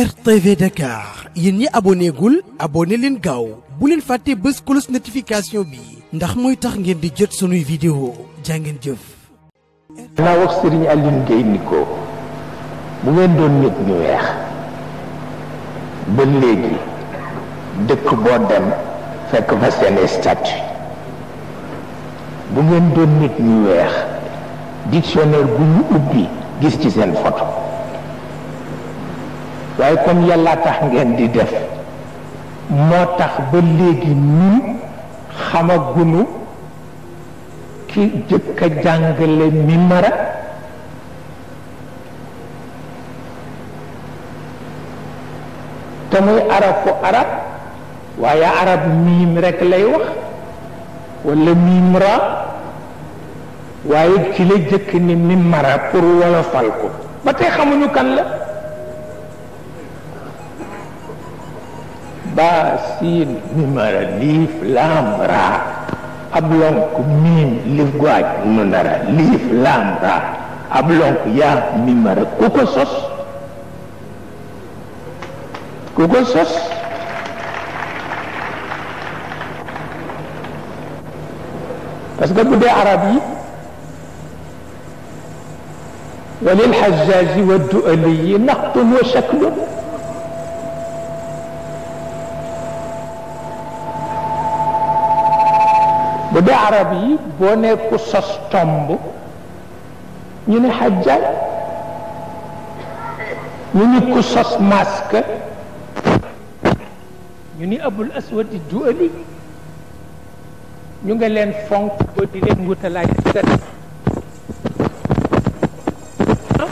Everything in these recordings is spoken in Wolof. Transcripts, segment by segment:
RTV Dakar yéen ni abonné goul, abonné leen gaaw bu len faté beus close notification bi ndax moy tax ngeen di jot sunuy vidéo jàngeen jëf. Na wax Serigne Alioune Guèye ni bu ngeen doon nit ñu wéx. ba légui dekk bo dem fekk fa seen statut bu ngeen doon nit ñu wéx. dictionnaire bu ñu ubbi gis ci seen photo. waaye comme yàlla tax ngeen di def moo tax ba léegi ñun xamagunu ki jëkk a jàngale mimara te muy arab ku arab waaye arab miim rekk lay wax walla miim ra waaye ci la jëkk ni mimara pour wolofal ko ba tey xamuñu kan la basin ni mara lif lam ra ablon ku mim li gwaj mu ya mi mara kuko sos kuko sos parce que budé arab yi wa lil bu dee arab yi boo nekku sos tomb ñu ne xajjal ñu ni ku sos masque ñu ni abul aswadi duali ñu nga leen fonk ba di leen wutalaay set ah,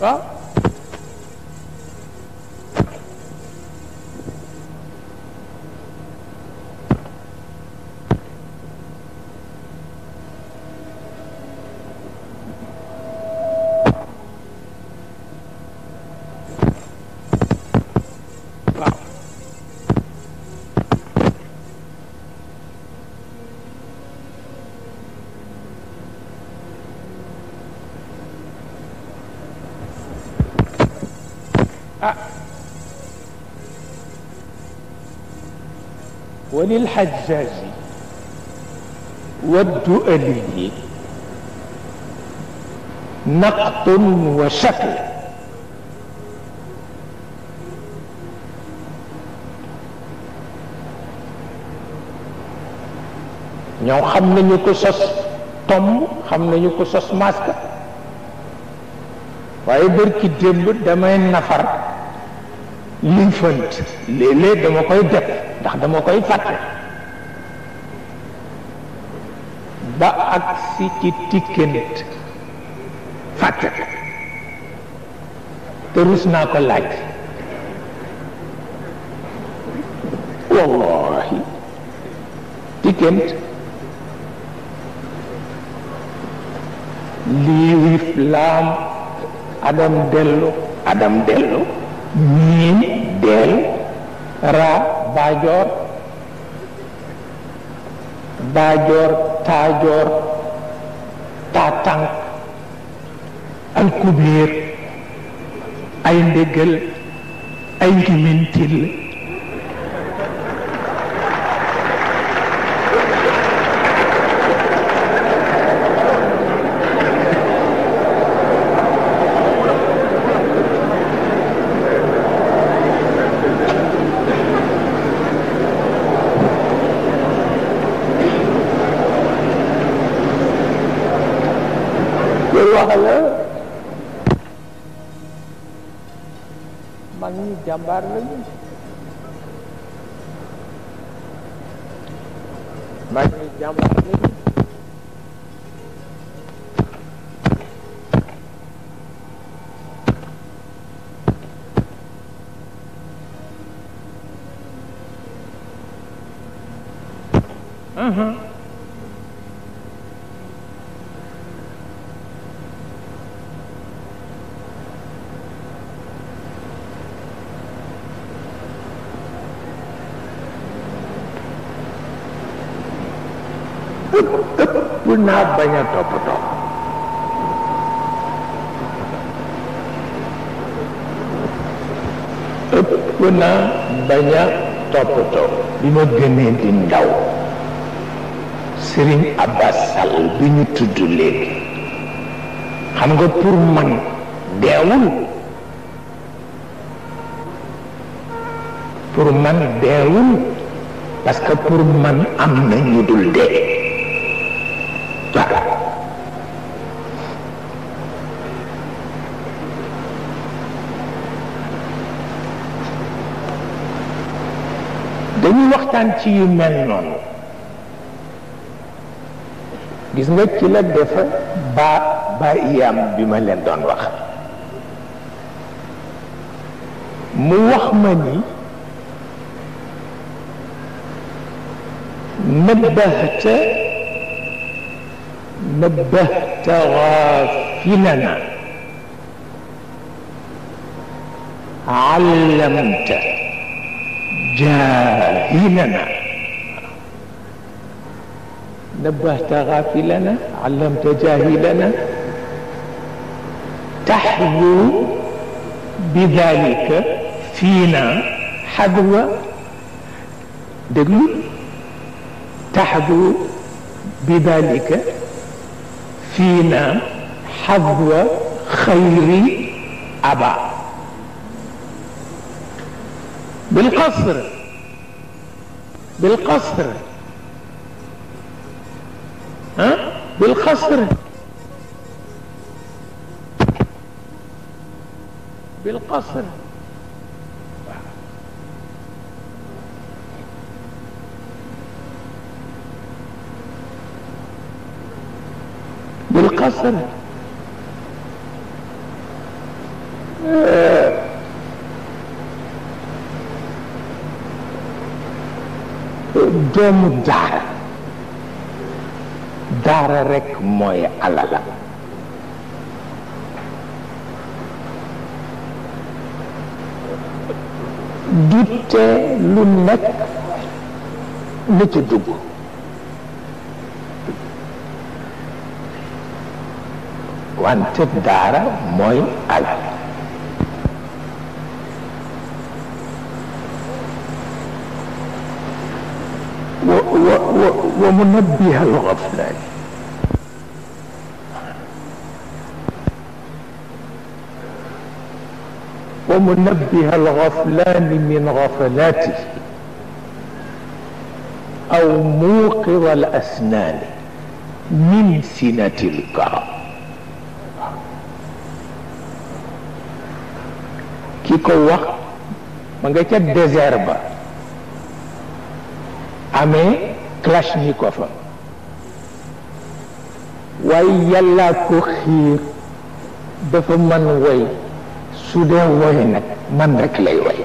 waaw وللحجاج والدؤلي نقط وشكل ñoo xam nañu ko sos tomb xam nañu ko sos masque waaye bërki démb damay nafar liñ fënt léeg-léeg dama koy def ndax dama koy fàtte ba ak si ci tikkenit fàtte te naa ko laaj wallahi tikkent liif laam adam dellu adam dellu miin del ra baajoor baajoor taajoor taatànk alkubiir ay ndégal ay ngimintil पैगंबर नहीं मैं कोई एग्जाम नहीं रहिए Mm-hmm. Munabanya banyak topo Kuna banyak topoto. Bimo Dino gënee Sering ndaw Serigne Abbas Sall purman ñu Purman léegi Pas nga pour man deewul pour saga dañuy waxtaan ci yu mel noonu gis nga ci la defa baa ba iyaam bi ma leen doon wax mu wax ma ni nëbbahta نبهت غافلنا علمت جاهلنا نبهت غافلنا علمت جاهلنا تحذو بذلك فينا حذو دليل تحذو بذلك فينا حظوة خير أبا بالقصر بالقصر ها بالقصر بالقصر مقصرة doomu daara daara rekk mooy alala du tee lu nekk na dugg wante dara moy alal ومنبه الغفلان ومنبه الغفلان من غفلاته او موقظ الاسنان من سنة الكرم di ko wax ma nga ca désert ba amé clash ni ko fa way yalla ko xir dafa man way su dee woy man rek lay way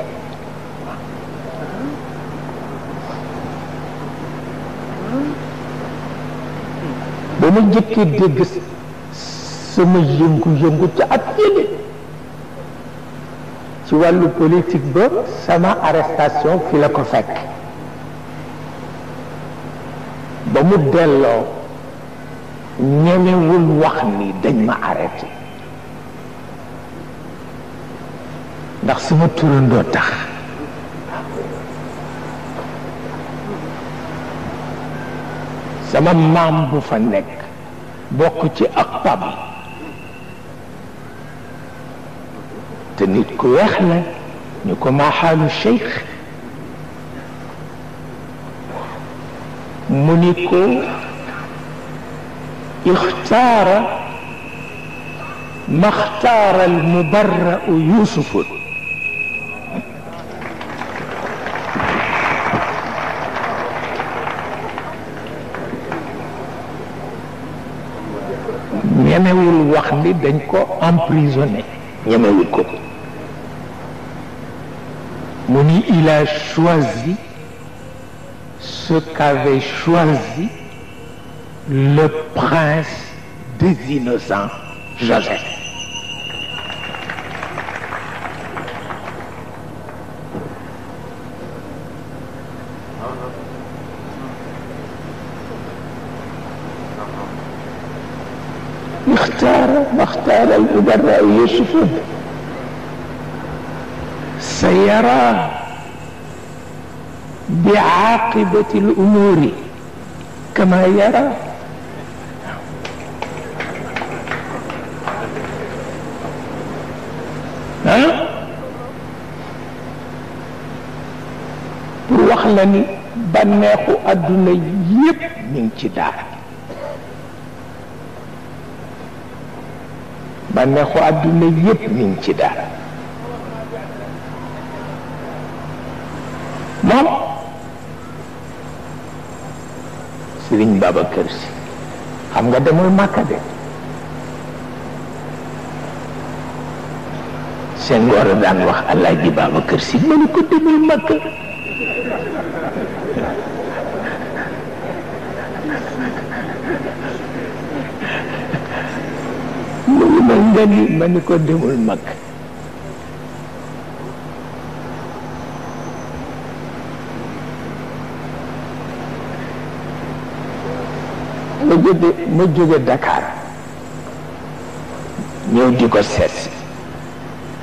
bu mu jëkkee dégg sama yëngu-yëngu ci at ci wàllu politique ba sama arrestation fi la ko fekk ba mu delloo ñemewul wax ni dañ ma arrêté ndax suma turandoo tax sama maam bu fa nekk bokk ci ak pab تنيتكو يخلى نيكو مع حال الشيخ مونيكو اختار ما اختار المبرأ يوسف ñemewul wax ni dañ ko emprisonné ko il a choisi ce qu'avait choisi le prince des innocents, Joseph. سيرى بعاقبة الأمور كما يرى ها pour wax la ni ci daara bànneexu àdduna yépp moom Sëriñ Babacar Si xam nga demul Màkka de seen war a daan wax Alaaji Babacar Si ma ne ko demul Màkka mu ngi ma nga ni ma ne ko demul Màkka ma jóge ma jóge ñëw di ko seet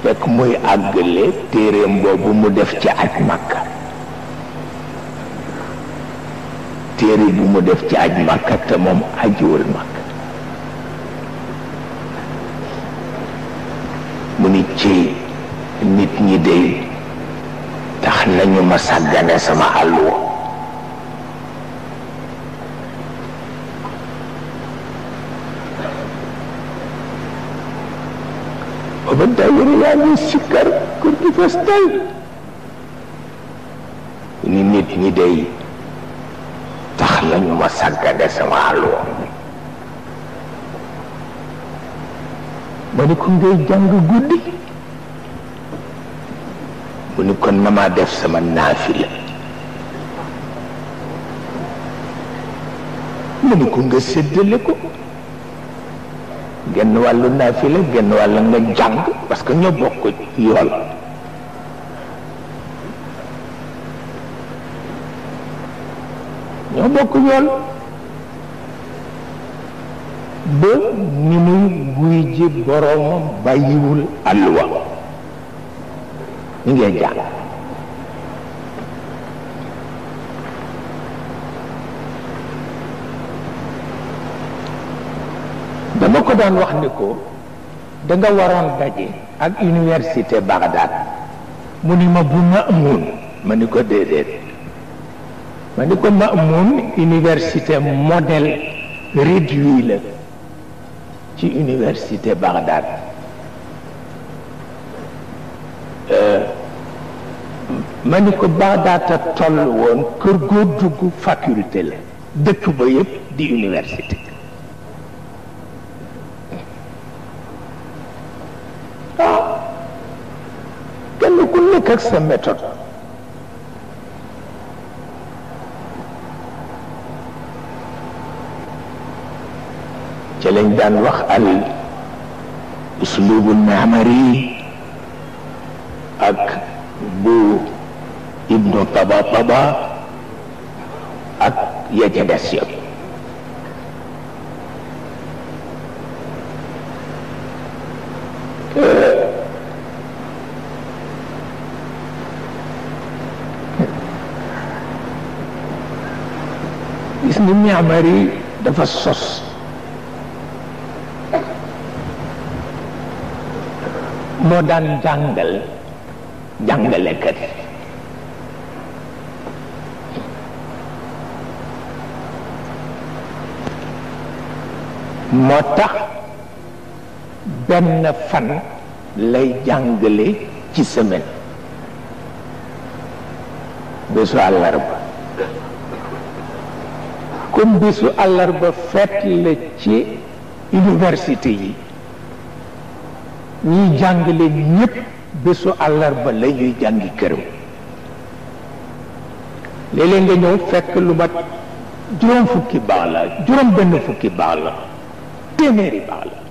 fekk muy àggale téeréem boobu mu def ci aj Makka téere bu mu def ci aj Makka te moom ajiwul Makka mu ni ci nit ñi dey tax nañu ma sàggane sama àll booba daayira yaa ngi sikkar kër gi fes tay ni nit ñi day tax nañu ma sàggane sama alluwa ma ni ko ngay jàng guddi mu ni kon na maa def sama naafila mu ni ko nga séddale ko genn wàllu naafila genn wàllu nga jàng parce que ñoo bokk yool ñoo bokk yool ba ni guy ji boroomam bàyyiwul àlluwa ñu ngee jàng daan wax ni ko da nga waroon daje ak université Bagdad mu ni ma bu Maamun ma ni ko déedéet ma ni ko Maamun université modèle réduit la ci université Bagdad euh, ma ni ko Bagdad a woon kër goo dugg faculté la dëkku ba yëpp di université takes a method. Jalan dan wak al uslubun maamari ak bu ibnu taba taba ak ya من معماري تفصص moo daan jàngal jàngalekat moo tax benn fan lay jàngale ci semaine bésu àllarba comme bisu àllarba fête la ci université yi ñiy jàngale ñépp bisu ba la ñuy jàngi kërëm léeg-léeg nga ñëw fekk lu mat juróom fukki baax la juróom benn fukki baax la téeméeri la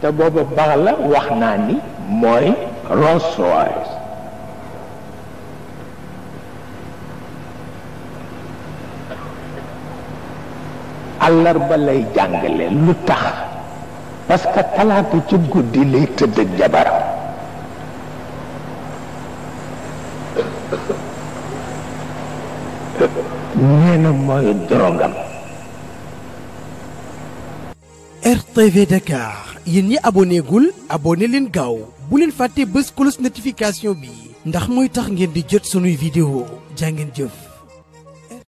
te wax naa ni mooy Rolls Royce àllarba balay jangale lutax parce que talatu ci guddi lay tëdd jabar nee moy drogam RTV Dakar yeen ñi abonné gul abonné leen gaaw bu leen fàtte beus notification bi ndax moy tax ngeen di jot sunuy vidéo jàngeen jëf